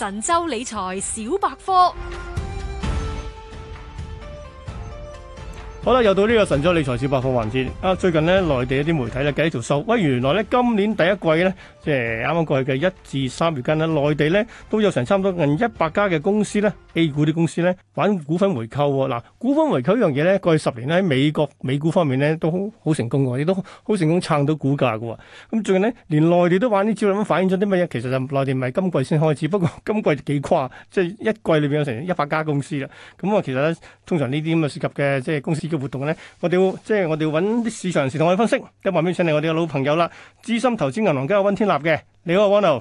神州理財小百科。好啦，又到呢個神州理財小百科環節。啊，最近呢，內地一啲媒體咧，計一條數，喂，原來咧今年第一季咧，即係啱啱過去嘅一至三月間咧，內地咧都有成差唔多近一百家嘅公司咧，A 股啲公司咧玩股份回購。嗱，股份回購呢樣嘢咧，過去十年咧喺美國美股方面咧都好好成功嘅，亦都好成功撐到股價嘅。咁最近呢，連內地都玩啲招，咁反映咗啲乜嘢？其實就內地唔係今季先開始，不過今季幾誇，即係一季裏邊有成一百家公司啦。咁啊，其實咧通常呢啲咁嘅涉及嘅即係公司。嘅活動咧，我哋即係我哋揾啲市場人士同你分析。今日我哋請嚟我哋嘅老朋友啦，資深投資銀行家溫天納嘅。你好，Wanow。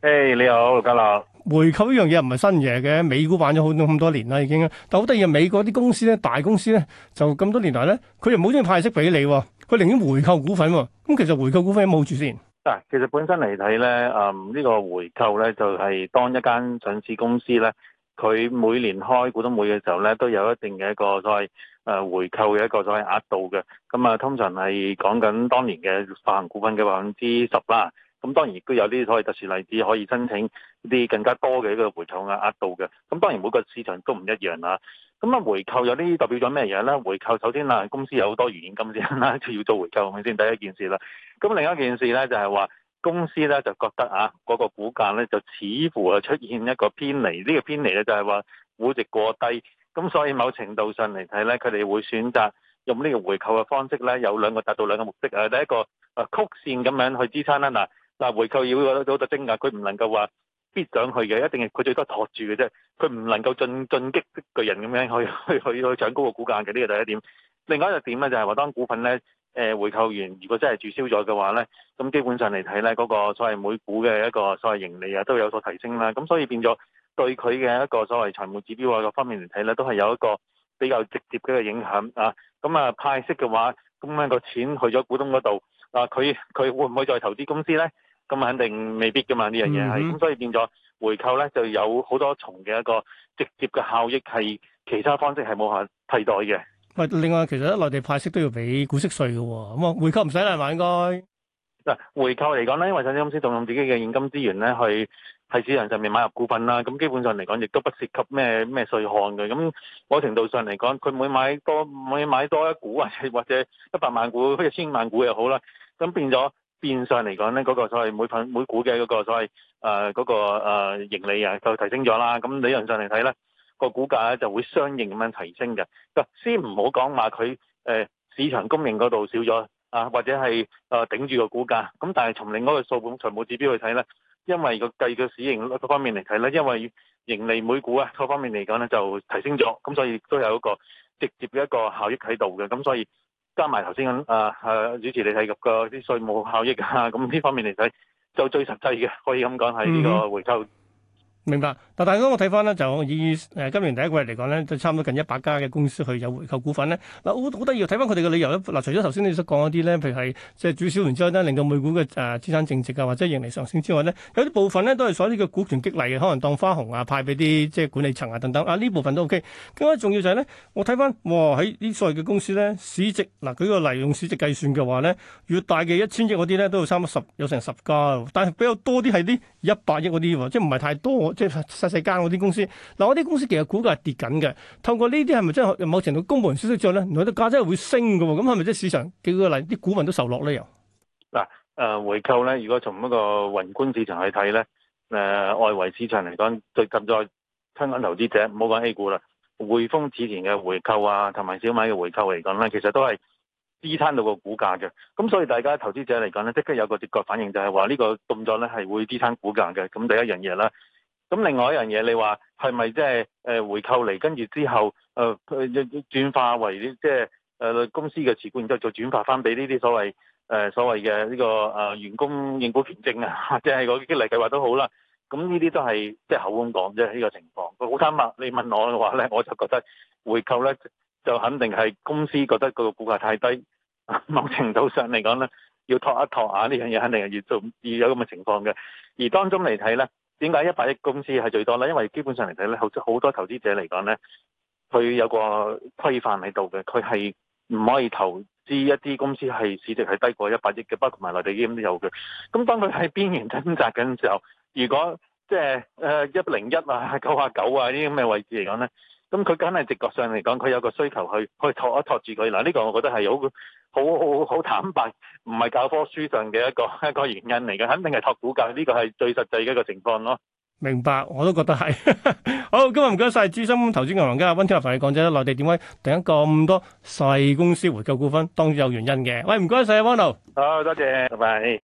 你好，嘉樂。Hey，家回購呢樣嘢唔係新嘢嘅，美股玩咗好咁多年啦，已經。但好得意啊，美國啲公司咧，大公司咧，就咁多年嚟咧，佢又冇鍾意派息俾你，佢寧願回購股份喎。咁其實回購股份有冇住先？嗱，其實本身嚟睇咧，誒、嗯、呢、呢個回購咧，就係當一間上市公司咧。佢每年開股東會嘅時候咧，都有一定嘅一個所謂誒、呃、回購嘅一個所謂額度嘅。咁、嗯、啊，通常係講緊當年嘅發行股份嘅百分之十啦。咁、嗯、當然都有啲所謂特殊例子可以申請啲更加多嘅一個回購嘅額度嘅。咁、嗯、當然每個市場都唔一樣啦。咁、嗯、啊，回購有啲代表咗咩嘢咧？回購首先啦，公司有好多餘現金先啦， 就要做回購先，第一件事啦。咁、嗯、另一件事咧，就係、是、話。公司咧就覺得啊，嗰、那個股價咧就似乎啊出現一個偏離，呢、這個偏離咧就係、是、話估值過低，咁所以某程度上嚟睇咧，佢哋會選擇用呢個回購嘅方式咧，有兩個達到兩個目的啊。第一個啊曲線咁樣去支撐啦，嗱、啊、嗱、啊、回購要好多精確，佢唔能夠話必上去嘅，一定係佢最多托住嘅啫，佢唔能夠進進擊巨人咁樣去去去去搶高個股價嘅。呢個第一點。另外一個點咧就係、是、話當股份咧。誒，回購完如果真係注銷咗嘅話咧，咁基本上嚟睇咧，嗰、嗰個所謂每股嘅一個所謂盈利啊，都有所提升啦。咁所以變咗對佢嘅一個所謂財務指標啊，各方面嚟睇咧，都係有一個比較直接嘅影響啊。咁啊派息嘅話，咁、樣、咧個錢去咗股東嗰度，啊佢佢會唔會再投資公司咧？咁啊肯定未必噶嘛呢樣嘢係，咁、mm hmm. 所以變咗回購咧就有好多重嘅一個直接嘅效益，係其他方式係冇法替代嘅。喂，另外其實喺內地派息都要俾股息稅嘅喎，咁啊回購唔使啦嘛，應該嗱回購嚟講咧，因為上市公司動用自己嘅現金資源咧去喺市場上面買入股份啦，咁基本上嚟講亦都不涉及咩咩稅項嘅，咁某程度上嚟講，佢每買多每買多一股或者或者一百萬股或者千萬股又好啦，咁變咗變相嚟講咧，嗰個所謂每份每股嘅嗰個所謂誒嗰個誒盈利啊就提升咗啦，咁理論上嚟睇咧。個股價咧就會相應咁樣提升嘅。嗱，先唔好講話佢誒市場供應嗰度少咗啊，或者係誒頂住個股價。咁但係從另外一個數本財務指標去睇咧，因為個計嘅市盈率嗰方面嚟睇咧，因為盈利每股啊各方面嚟講咧就提升咗，咁所以都有一個直接嘅一個效益喺度嘅。咁所以加埋頭先啊啊，主持你睇入個啲稅務效益啊，咁 呢方面嚟睇就最實際嘅，可以咁講係呢個回購。嗯。明白。嗱，但係當我睇翻咧，就以誒今年第一季嚟講咧，就差唔多近一百家嘅公司去有回購股份咧。嗱，好好得意。睇翻佢哋嘅理由咧，嗱，除咗頭先你所講嗰啲咧，譬如係即係註銷完之後咧，令到每股嘅誒、啊、資產淨值啊，或者盈利上升之外咧，有啲部分咧都係所謂嘅股權激勵嘅，可能當花紅啊派俾啲即係管理層啊等等。啊，呢部分都 O K。更加重要就係咧，我睇翻哇喺呢所謂嘅公司咧，市值嗱、啊，舉個例用市值計算嘅話咧，越大嘅一千億嗰啲咧，都要差唔多十有成十家，但係比較多啲係啲一百億嗰啲喎，即係唔係太多。即係細細間嗰啲公司，嗱，我啲公司其實股價係跌緊嘅。透過呢啲係咪真係某程度公布消息之後咧？原來啲價真係會升嘅喎，咁係咪即係市場幾個例啲股民都受落咧？又嗱、呃，誒回購咧，如果從一個宏觀市場去睇咧，誒、呃、外圍市場嚟講，最近再香港投資者，唔好講 A 股啦，匯豐此前嘅回購啊，同埋小米嘅回購嚟講咧，其實都係支撐到個股價嘅。咁所以大家投資者嚟講咧，即刻有個直覺反應就係話呢個動作咧係會支撐股價嘅。咁第一樣嘢啦。咁另外一樣嘢，你話係咪即係誒回購嚟，跟住之後誒、呃、轉化為即係誒公司嘅持股，然之後再轉發翻俾呢啲所謂誒、呃、所謂嘅呢個誒、呃呃、員工認股權證啊，或者係個激勵計劃都好啦。咁呢啲都係即係口講啫，呢、呢個情況。好坦白，你問我嘅話咧，我就覺得回購咧就肯定係公司覺得個股價太低，某程度上嚟講咧要托一托啊，呢樣嘢肯定係要做，要有咁嘅情況嘅。而當中嚟睇咧。點解一百億公司係最多咧？因為基本上嚟睇咧，好即好多投資者嚟講咧，佢有個規範喺度嘅，佢係唔可以投資一啲公司係市值係低過一百億嘅，包括埋內地基金都有嘅。咁當佢喺邊緣掙扎緊時候，如果即係誒一零一啊九啊九啊呢啲咁嘅位置嚟講咧，咁佢梗係直覺上嚟講，佢有個需求去去托一托住佢嗱呢個，我覺得係有。好好好坦白，唔係教科書上嘅一個一個原因嚟嘅，肯定係托股價，呢個係最實際嘅一個情況咯。明白，我都覺得係。好，今日唔該晒資深投資銀行家溫天納凡你講者，內地點解突然間咁多細公司回購股份，當然有原因嘅。喂，唔該晒溫導。好，多謝。拜拜。